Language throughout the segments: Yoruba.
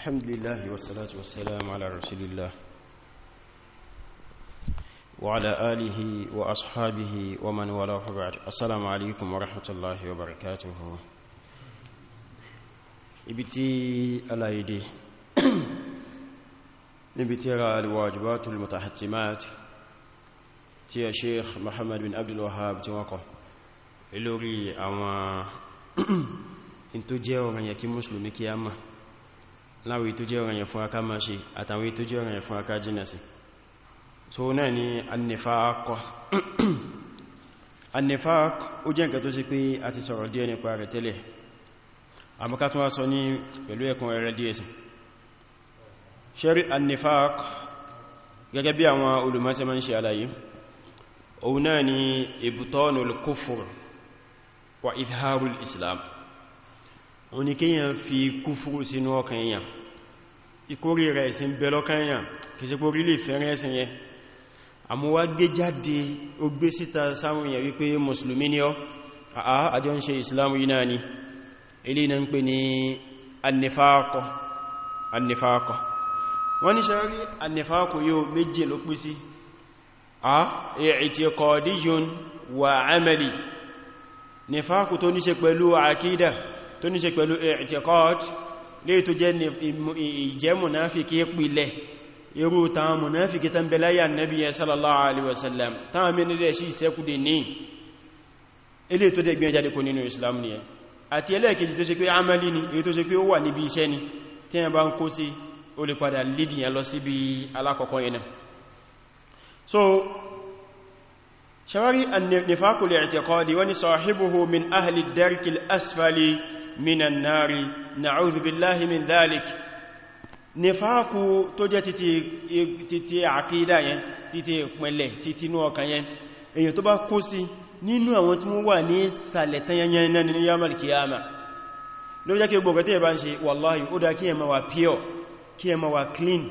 الحمد لله والصلاة والسلام على رسول الله وعلى آله وأصحابه ومن ولاه بعد السلام عليكم ورحمة الله وبركاته ابتي الأيدي ابتراء الواجبات المتحتمات تي الشيخ محمد بن عبد الوهاب تيوكو إلوري أما انتو جيو من يكي مسلمي كياما láwọn tó jẹ́ ọ̀ranyàn fún aká máa ṣe àtàwọn tó jẹ́ ọ̀ranyàn fún aká jìnà sí so náà ni annifaqo annifaq ó jẹ́ nǹkan tó ṣe pé a ti sọ̀rọ̀ díẹ̀ nípa rẹ̀ tẹ́lẹ̀ wa idharul islam òun ni kíyàn fi kúfúrú sínú ọkàn èèyàn ìkórí rẹ̀ ìsìn bẹ lọ́kàn èèyàn kì í ṣe pé orílẹ̀ ìfẹ́rẹ́ ẹ̀sìn yẹn àmúwá gbé jáde ó gbé síta sáwọn èèyàn wípé mùsùlùmí ni ọ́ àá àjọ ń ṣe ìsìlámù yìí náà ni ilé iná ń wa amali tó ní ṣe pẹ̀lú i'tiqad lè tó jẹ́ ìjẹ́ munafiki pìlẹ̀ irú tàwọn munafiki tán bẹ̀láyà nabi sallallahu alaihi wasallam táwọn mẹ́rin rẹ̀ sí ìsẹ́kùdẹ̀ ní ilé tó dẹ̀ gbìyànjá dẹ̀kọ́ nínú Islam ni ẹ àti ẹlẹ́ẹ̀kejì tó ṣe pé amali so ṣawari annifakul i'tiqadi wani sahibuhu min ahli darkil asfali minan nari na'udhu billahi min dhalik nifaku tó jẹ́ títí àkídà yẹn títí ìpínlẹ̀ títí inú ọkàn yẹn èyàn tó bá kó sí nínú àwọn tí wọ́n wà ní sàlẹ̀tán yanyan náà nínú yamal kiyama ló jẹ́ kí gbogbo clean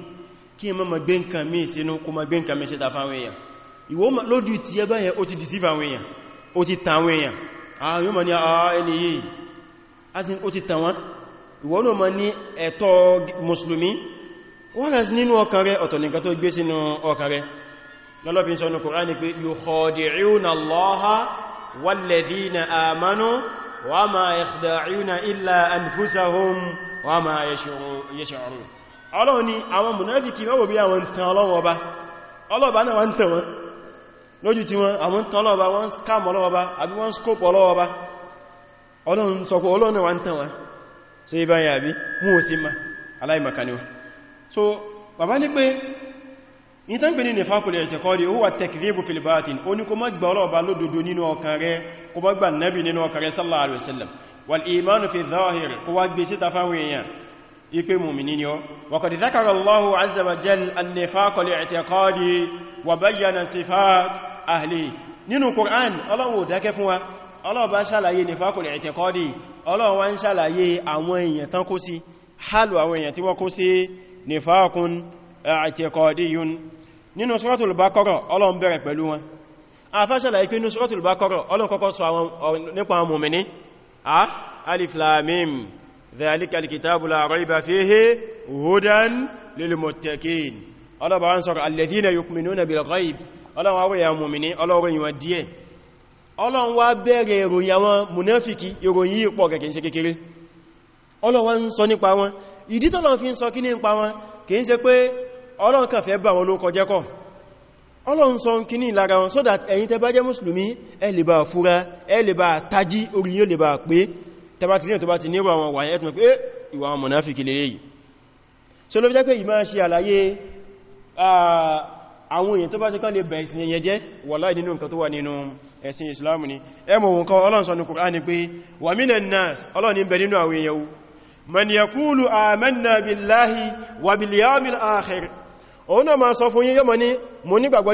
kí ẹ ma ma gbé nǹkan mí sínú kó ma gbé ìwọ lójú ti ẹgbẹ́ yẹn ó ti deceive àwọn èèyàn ó ti tàn àwọn èèyàn àwọn ah, yóò mọ̀ ní àà ah, ẹni yìí asin ó ti tàn wọ́n ìwọ ló mọ̀ ní ẹ̀tọ́ mùsùlùmí wọ́n rẹ̀ sí nínú ọkàn rẹ̀ ọ̀tọ̀ nìkan tó gbé sínú ọkàn rẹ̀ lọ́lọ́fin sọ ní Kùránì pé yukhadi'una Allaha walladhina amanu wa ma yakhda'una illa ọlọ́run ni àwọn mùnáfikì mẹ́wọ̀ bí àwọn tàn ọlọ́wọ́ ọba ọlọ́ba náà wọ́n tàn wọ́n lójú tí wọn àwọn tán lọ́wọ́ bá wọ́n scam ọlọ́wọ́ bá àbí wọ́n scope ọlọ́wọ́ bá ọlọ́run sọ pé ọlọ́run wà ń tàn wá so ibá yà bí mú ò sí ma aláìmakaniwa so bàbá ní pé ìtàn pè ní nìfàkùlẹ̀ ìtẹ̀kọ́dì ó wà tẹ̀kìrìbù filibatin ó ní kó má gbà ọlọ́ọ̀bá lódodo nínú ọkàn rẹ kó má gbà nábì nínú ọkàn rẹ sallallahu alaihi wasallam wal imanu fi dhahir kó wá gbé síta fáwọn èèyàn ipe mùmìnì ni ọ wàkàdì zákàrà allahu azawajal annifaqo li'tiqadi wa bayyana sifat ahli nínú Qur'an Ọlọ́run ò dákẹ́ fún wa Ọlọ́run bá ṣàlàyé nifaqo li'tiqadi Ọlọ́run wá ń ṣàlàyé àwọn èèyàn tán kó sí hálù àwọn èèyàn tí wọ́n kó sí nifaqun i'tiqadiyun nínú suratul Baqara Ọlọ́run bẹ̀rẹ̀ pẹ̀lú wọn a fẹ́ ṣàlàyé pé nínú suratul Baqara Ọlọ́run kọ́kọ́ sọ nípa a alif lam ذلك الكتاب لا ريب فيه هدى للمتقين الله بان سر الذين يؤمنون بالغيب الله wa ya mu'mini Allah ro yin wa díẹ̀ Allah wa bẹ̀rẹ̀ ìròyìn àwọn munafiki ìròyìn pọ̀ keke ṣe kékeré Allah wa ń sọ nípa wọn ìdí tó ló fi ń sọ kíni nípa wọn ke ṣe pé Allah kàn fẹ́ bà wọ́n ló kó jẹ ko Allah ń sọ kíni lára wọn so that ẹ̀yin tẹ́ bá jẹ́ muslimi ẹ lè bá fura ẹ lè bá tají orí yín lè bá pé tẹbàtìlẹ̀ tó bá ti níwà wọn wáyé ẹ̀tùn pé eh, ìwà wọn mọ̀náfíkì lè yìí so ló fi jẹ́ pé ìmá ṣe àlàyé àwọn èèyàn tó bá ṣe kán lè bẹ̀ẹ̀ ìsìn yẹn jẹ́ wàláhì nínú nǹkan tó wà nínú ẹ̀sìn ni ẹmọ̀ wọn kan Ọlọ́run sọ ní Qur'an ni pé wa minan nas Ọlọ́run ní bẹ nínú àwọn èèyàn man yaqulu amanna billahi wa bil yawmil akhir òun náà ma sọ fún yíyọ́ mọ́ ní mo nígbàgbọ́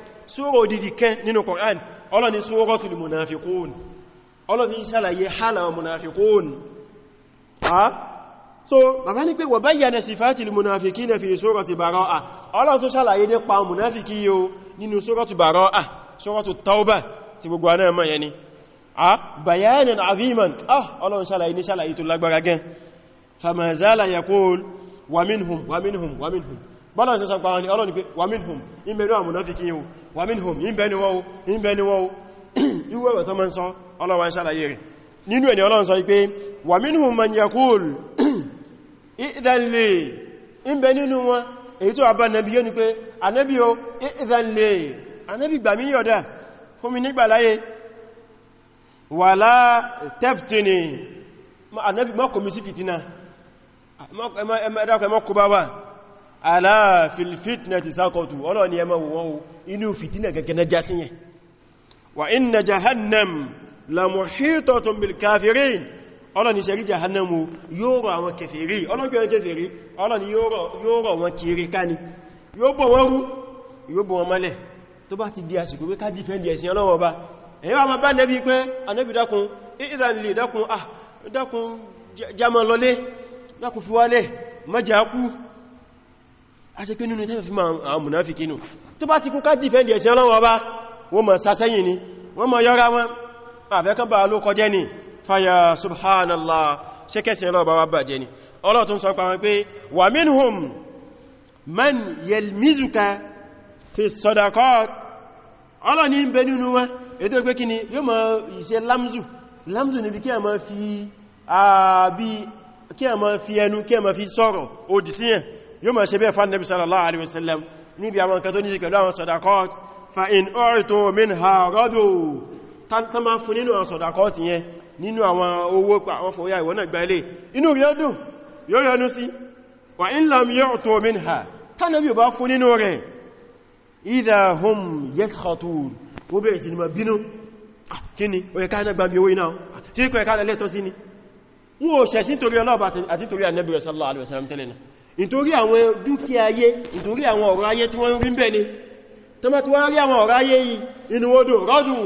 súrò òdìdì kẹ́ nínú Qur'an ọlọ́ni súratul munafiqun ọlọ́ni ṣàlàyé hálà munafiqun so bàbá ní pé wa bayyana sifatil munafiqina fi surati Bara'ah ọlọ́n tó ṣàlàyé nípa munafiki yíó nínú surati Bara'ah suratu Tawbah ti gbogbo aná ẹ̀mọ́ yẹni a bayanan aziman ah ọlọ́n ṣàlàyé ní ṣàlàyé tó lágbára gan famazala yaqul bọ́lá ṣe sọpa wọn ni ọlọ́ni pé wà mínhùn ìbẹ̀nu àmúnáfikí yíò wà mínhùn ìbẹ̀ni wọ́wọ́ ìbẹ̀ni wọ́wọ́ ìwé ẹ̀wẹ̀ tó mọ́ sọ ọlọ́wà ń ṣàlàyé rẹ̀ nínú ẹni ọlọ́run sọ pé wà mínhùn man yakul ìdánlẹ̀ ìbẹ nínú wọn èyí tó àbá nẹbi yóò ni pé anẹ́bí o ìdánlẹ̀ anẹ́bí gbà mí yọ̀dá fún mi nígbà sí fìtínà ẹ̀mọ́kọ̀ bá wà alá fil fitnati sákọ̀tù ọlọ́ni ẹmọ wọn inú fìtínà gẹ́gẹ́ na jásíyẹ wa inna jahannam la muhitatun bil kafirin ọlọ́ni ṣe rí jahannamu yóò rọ àwọn kẹfẹ̀rí ọlọ́gbẹ̀rẹ̀ kẹfẹ̀rí yóò rọ wọn kiri ti di ká dìfẹ́ndì a ṣe pé nínú tẹ́fẹ̀ fi máa mùnáfikí nù tó bá ti kún ká dìfẹ́ndì ẹ̀sìn Ọlọ́run ọba wọ́n ma sasẹ́yìn ni wọ́n ma yọ́ra wọn àfẹ́kàn ló kọjẹ́ ni fàyà subhanallah ṣe kẹsìn Ọlọ́run ọba bàjẹ́ ni Ọlọ́run tún sọ pàwọn man yelmizuka fi sadaqat Ọlọ́run ní ń bẹ nínú wọn ètò pé kí ni yóò ma ṣe lamzu lamzu níbi kí a ma ah, fi ẹnu kí a ma fi sọ̀rọ̀ òdìsíyàn yóò máa ṣe bẹ́ẹ̀ fún Ànábì sallallahu alaihi wasallam níbi àwọn nǹkan tó ní ṣe pẹ̀lú àwọn sadaqat fa in u'tu minha radu tán máa fún nínú àwọn sadaqat yẹn nínú àwọn owó pa àwọn fòyà ìwọ̀n náà gba ilé inú rí ọdún yóò yọnú sí wa in lam yu'tu minha tánàbí bá fún nínú rẹ̀ idha hum yaskhatun ó bẹ̀rẹ̀ sí ni ma bínú kí ni ó yẹ káàkiri gbàmí owó iná torí ọlọ́ọ̀bá àti torí Ànábì sallallahu alaihi náà nítorí àwọn dúkìá ayé nítorí àwọn ọ̀rọ̀ ayé tí wọ́n rí ń bẹ ni tó bá ti wá rí àwọn ọ̀rọ̀ ayé yìí inú odò rọ́dùn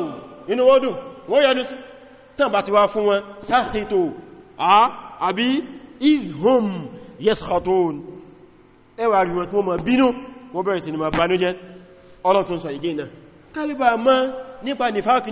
inú odò wọ́n yọ́nú sí tàn bá ti wá fún wọn sáàkìtò àbí izhum yaskhotun ẹwà rí wọn tí wọ́n ma bínú wọ́n bẹ̀rẹ̀ sí ni ma banújẹ́ ọlọ́tún sọ ìgé náà kálíbà mọ́ nípa nìfàkì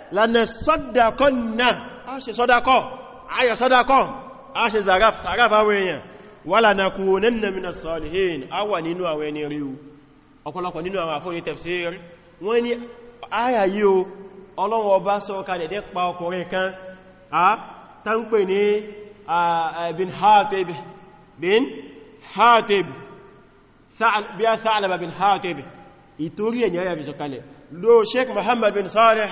lánà sọ́dakọ́ náà a ṣe sọ́dakọ́ ayẹ sọ́dakọ́ a ṣe zàgáfàwẹ̀ èèyàn wà lánà kú nínú mina sọ́lìhìn a wà nínú àwọn ẹni rí ọ̀pọ̀lọpọ̀ nínú àwọn àfọ́rí tẹ̀fsíìrì wọ́n ní ayà yìí o ọlọ́run ọba sọ kalẹ̀ dẹ́ pa a ta bin hatib bin hatib bí a sa'alaba bin hatib ìtorí ẹ̀yà yà bí lo sheik muhammad bin salih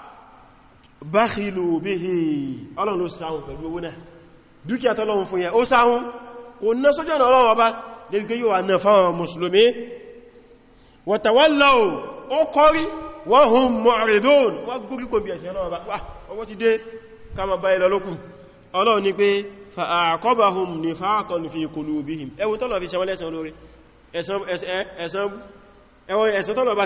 báhìlù bíhì ọlọ́run ló sáhùn pẹ̀lú owó náà dúkìá tọ́lọ́run fún yẹn ó sáhùn kò ná sójú ọ̀nà ọlọ́run ọba lẹ́gbẹ́ yóò àná fáwọn mùsùlùmí wọ̀tàwọ́lọ́ ó kọrí wọ́n hùn mọ̀rìdún wọ́n gúrí kama bá ilọ̀ lókùn ọlọ́run ni pé fa'aqabahum nifaqan fi qulubihim ẹwọ́n tọ́lọ̀ fi ṣe wọ́n lẹ́sàn lórí ẹ̀sàn tọ́lọ̀ bá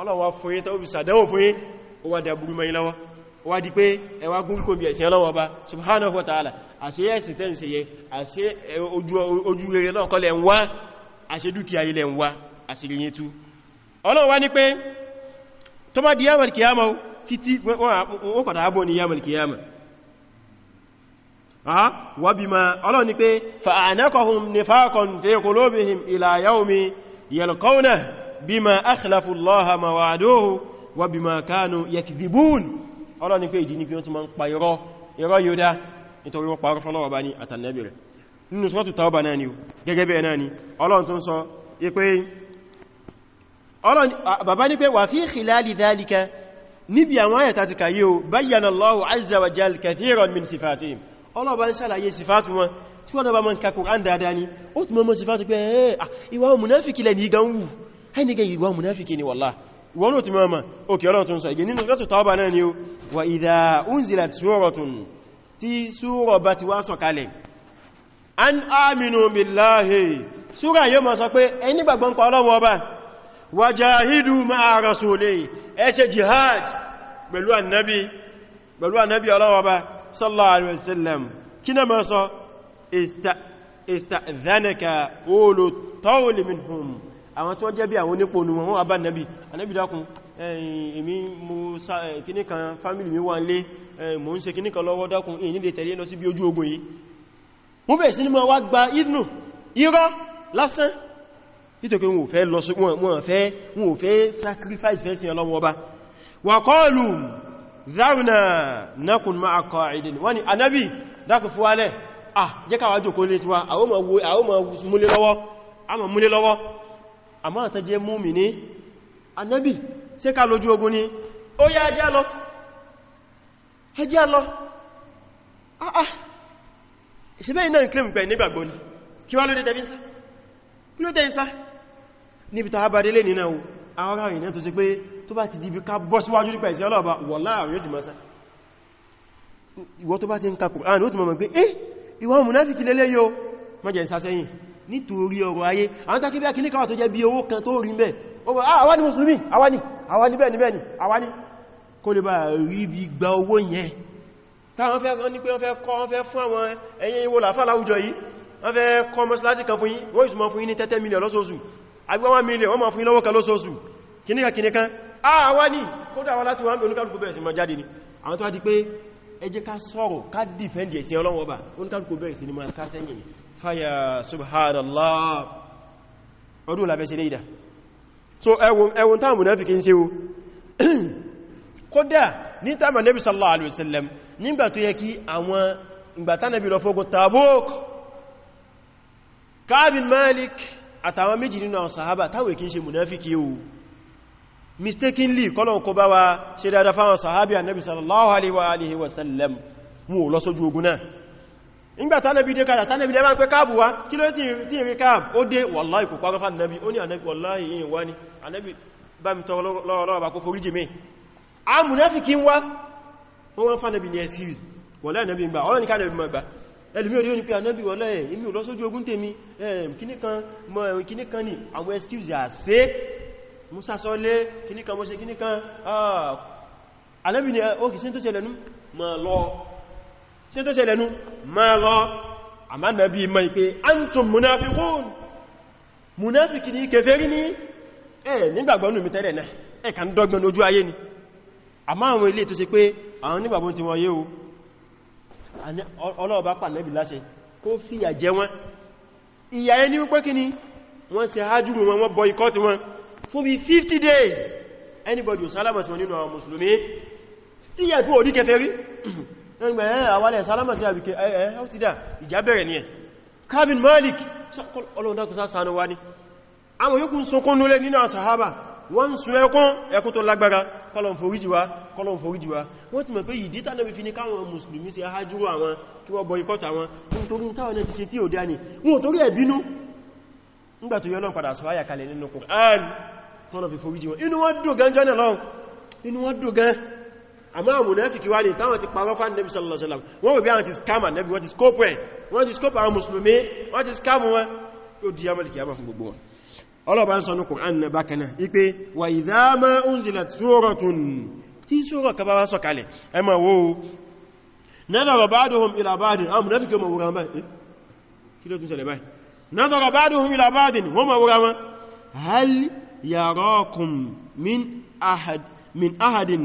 ọlọ́wọ́ fún yí tàbí sàdánwò fún yí ó wá dàbúrú mai lọ́wọ́ ó wá di pé ẹwà gúnkò bí ẹ̀sìn ọlọ́wọ́ bá subhanahu wa ta'ala àṣẹ ẹ̀sìn tẹ́ ń ṣe yẹ àṣẹ ojú rere náà kọ́lẹ̀ ń wá àṣẹ dúkìá ilẹ̀ ń wá àṣírí yẹn tú ọlọ́wọ́ wá yalqawnahu bima akhlafu allaha mawaduhu wa bima kanu yakdhibun ọlọ́ ni pé ìdí ní pé wọ́n ti ma ń pa irọ́ irọ́ yóò dá nítorí wọ́n parọ́ fọ́lọ́wọ́ bá ní àtànẹ́bì rẹ̀ nínú sọ́tù tàbà náà ni gẹ́gẹ́ bẹ́ẹ̀ náà ni ọlọ́run tó ń sọ ipé bàbá ní pé wà fi khilali dhalika níbi àwọn ayẹta ti kàyí o bayyana Allahu azza wa jal kathiran min sifatihim ọlọ́ba hẹ́nigẹ́ ìwà munafiki ni wallahi wọ́n ló ti mọ́ ọmọ òkè ọlọ́run tún sọ ìgẹ́ nínú ìrọ́tù tọ́ọ̀bà náà ni ó wà idha unzilat suratun tí súrọ̀ bá ti wá sọ kalẹ̀ an aminu billahi súra yóò mọ́ sọ pé ẹni gbàgbọ́n pa ọlọ́run ọba wa jahidu ma'a rasulihi ẹ àwọn tó jẹ́ bí àwọn onípo nù wọn abá nàbí anábì dákun èmi mú kíní kan fámílì mi wà nílé mò ń ṣe kíní kan lọ́wọ́ dákun èyí lè tẹ̀lé lọ sí bí ojú ogun yìí mú bẹ̀ẹ̀ sí ní ma wá gba ìdùnù irọ́ lásán nítorí wọn ò fẹ́ lọ wọn ò fẹ́ sacrifice fẹ́ sí ọlọ́wọ́ ọba wà kọlù zarna nakun ma akọ ìdìn wọ́n ni anábì dákun fún wálẹ̀ ah jẹ́ káwàá jòkó lè tiwa àwọn ọmọ múlé lọ́wọ́ àmọ́ àtẹ́ jẹ́ múmi ní anábì ṣe ká lójú ogun ni ó yá ẹjá lọ ẹjá lọ àà ah, ìṣẹ́bẹ̀ ah. iná ìklim pẹ̀ nígbàgbọ́ ni kí wá ló dé tẹ́bí sá kí ló tẹ́ sá níbi ta bá délé nínú ẹwọ àwọn ará ìrìnà tó ṣe pé tó bá ti dìbí ká bọ́ síwájú nípa ìṣẹ́ ọlọ́ọ̀bá ó ti mọ̀ mọ̀ pé eh ìwọ mùnáfíkì lélẹ́ yóò mọ́jẹ̀ ìsásẹ́yìn nítorí ọrọ̀ ayé àwọn tàkí bí akíní kàwà tó jẹ́ bí owó kan tó rí mẹ́ ah, àwa ni mùsùlùmí àwa ni àwa ni bẹ́ẹ̀ni bẹ́ẹ̀ni àwa ni kó lè bá rí bí gba owó yẹn táwọn fẹ́ rán ní pé wọ́n fẹ́ kọ́ wọ́n fẹ́ fún àwọn ẹ̀yẹ ìwò làfà láwùjọ yìí wọ́n fẹ́ kọ́ mọ́sálásí kan fún yín wọ́n ìsúnmọ́ fún yín ní tẹ́tẹ́ mílíọ̀ lọ́sọ̀ọ̀sù agbẹ́ wọn mílíọ̀ wọ́n mọ̀ fún yín lọ́wọ́ kan lọ́sọ̀ọ̀sù kìníkà kìníkà ah, àwa ni kódà wọn láti mọ́ ni àwọn tó ni fàyà subhanallah ọdún làbẹ́ sí léìdá so ẹwùn táàmù náà fi kí n ṣe o kódà ní táàmù nẹ́bí sallallahu alaihi wasallam nígbà tó yẹ kí àwọn ìgbàtà nẹ́bí lọ fógun Tabuk káàbìn Malik àtàwọn méjì nínú àwọn sahaba táwẹ̀ kí n ṣe munafiki o mistakenly kọ́lọ̀ kó bá wa ṣe dáadáa fáwọn sahabi annabi sallallahu alaihi wa alihi wasallam mú lọ sójú ogun náà ìgbà tánàbí dé kàdà tánàbí lẹ́bá ń pẹ́ káàbù wá kí ló tí ìrìn káàbù ó dé wàláì kò pàgọ́fà nàbí ó ní ànàbí wàláì yìí wá ní ànàbí bá mi tọrọ lọ́wọ́ bá kó forí jì mí a mùnáfíkí wá wọ́n wọ́n fánàbí ní ẹ̀sìrì wàláì nàbí ìgbà ọ̀rọ̀ ní kánàbí mọ̀ gbà ẹlùmí orí onípe ànàbí wàláì èmi lọ sójú musa sọlé kíní kan mọ́ ṣe kíní kan ànàbí ni ó kìí sí tó sí tó ṣẹlẹ̀ nú máa rọ àmánàbí ma ìpé antum munafiqun munafiki ní kèfèrí ní ẹ nígbàgbọ́nù mi tẹ́lẹ̀ náà ẹ kàn dọ́gbọ́n lójú ayé ni àmá àwọn ilé tó ṣe pé àwọn nígbàgbọ́n ti wọ́n yé o ọlọ́ọ̀bá pàlẹ́bì láṣẹ kó fìyà jẹ wọ́n ìyà ẹni wípé kí ni wọ́n ṣe days anybody ò sálámà sí wọn still yà tó ò ní ẹgbẹ̀ ẹ̀ àwálẹ̀ sálámà sí àbíkẹ́ ẹ̀ ó ti dá ìjà bẹ̀rẹ̀ ní ẹ̀ kabin malik ọlọ́dákùsá sánú wá ní àwọn yóò kún sunkún nílé nínú àṣàhábà wọ́n sun ẹkún ẹkún tó lágbára kọlọ̀n foríjìwá kọlọ̀n foríjìwá wọ́n ti mọ̀ pé ìdí tánàbí fi ní káwọn mùsùlùmí wọn àmọ́ àmúnáfíkì wá ní táwọn ti parọ́ fún nẹ́bí sallallahu alaihi wasallam wọ́n wò bí àwọn ti skama nẹ́bí wọ́n ti skopu ẹ̀ wọ́n ti skopu àwọn musulmi wọ́n ti skamu wọn ó di yamal kiyama fún gbogbo wọn ọlọ́bàá ń sọ ní Qur'an na bákaná ipé wa idha min ahadin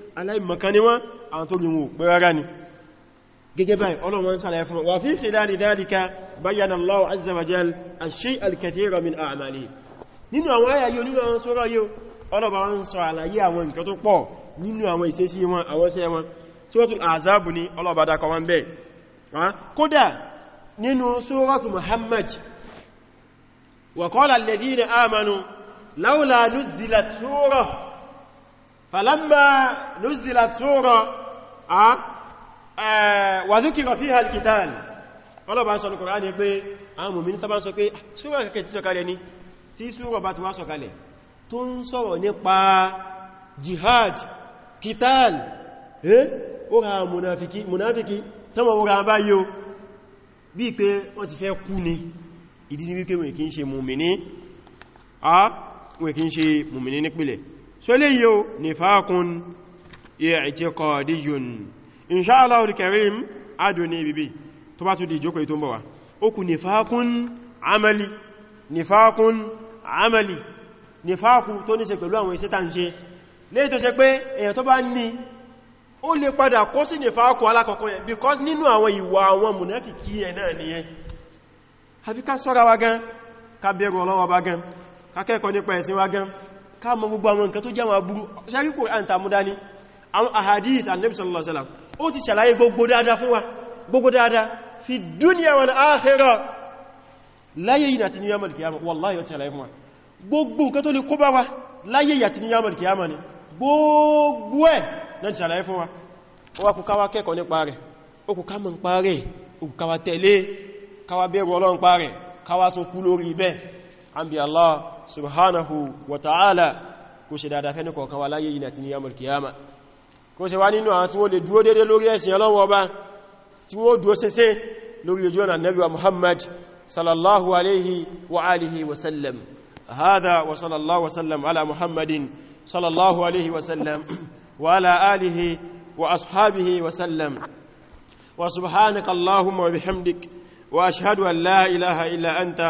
aláìmọ̀kan ni wọ́n àwọn tó gbìmọ̀ pẹ́ rárá ni gẹ́gẹ́ báyìí ọlọ́run sàlàyé fún wa fi khilali dhalika bayyana Allahu azza wa jal ash-shay'a al-kathira min a'malihi nínú àwọn àyà yóò nínú àwọn sọ́rọ̀ yóò ọlọ́ba wọn sọ àlàyé àwọn nǹkan tó pọ̀ nínú àwọn ìṣesí wọn àwọn ṣẹ́ wọn Suratul Ahzab فلما نزلت سورة أه؟ أه وذكر فيها القتال قالوا بان القرآن يقول آمو من تبان سوكي سورة كي تسوكالي ني تي سورة باتوا سوكالي تنصر نقبا جهاد قتال ورا منافقي منافقي تما ورا بايو bí pé wọ́n ti fẹ́ kú ni ìdí ni wípé wọ́n kìí ṣe mùmìní so lè yíò nifakun i'tiqadiyyun insha Allah al-karim adùn bibi. ibi tó bá tún di ìjókòó tó ń bọ̀ nifakun amali nifakun amali nifaku tó ní ṣe pẹ̀lú àwọn iṣẹ́ tàn ṣe lè tó ṣe pé èyàn tó bá ní ó lè padà kó sí nifaku alákọ̀ọ́kọ́ yẹn because nínú àwọn ìwà àwọn mùnáfìkí yẹn náà nìyẹn àfi ká ṣọ́ra wa gan ká bẹ̀rù Ọlọ́run wa gan ká kẹ́kọ̀ọ́ nípa ẹ̀sìn wa gan ká mọ̀ gbogbo àwọn nǹkan tó jẹ́ wọn aburú sẹ́rí Kùránì tàmú dání àwọn ahadith annabi sallallahu alaihi wasallam ó ti ṣàlàyé gbogbo dáadáa fún wa gbogbo dáadáa fi dúníà wọn àkhírà láyé yìí àti ní yamal kiyama wallahi ó ti ṣàlàyé fún wa gbogbo nǹkan tó lè kó bá wa láyé yìí àti ní yamal kiyama ni gbogbo ẹ̀ náà ti ṣàlàyé fún wa ó wá kẹ́kọ̀ọ́ nípa rẹ̀ an bi Allah subhanahu wa ta'ala kó ṣe dada fe ni ko kan wa láyé yìí àti ní yàmùl kìyàmà kó ṣe wá ni nu atun wọ́n lè dúó dédé lórí ẹ̀sìn Ọlọ́run Ọba tí wọ́n dúó sese lórí ojo na nabi wa Muhammad sallallahu alayhi wa alihi wa sallam hada wa sallallahu wa sallam ala Muhammadin sallallahu alayhi wa sallam wa ala alihi wa ashabihi wa sallam wa subhanaka allahumma wa bihamdik wa ashhadu an la ilaha illa anta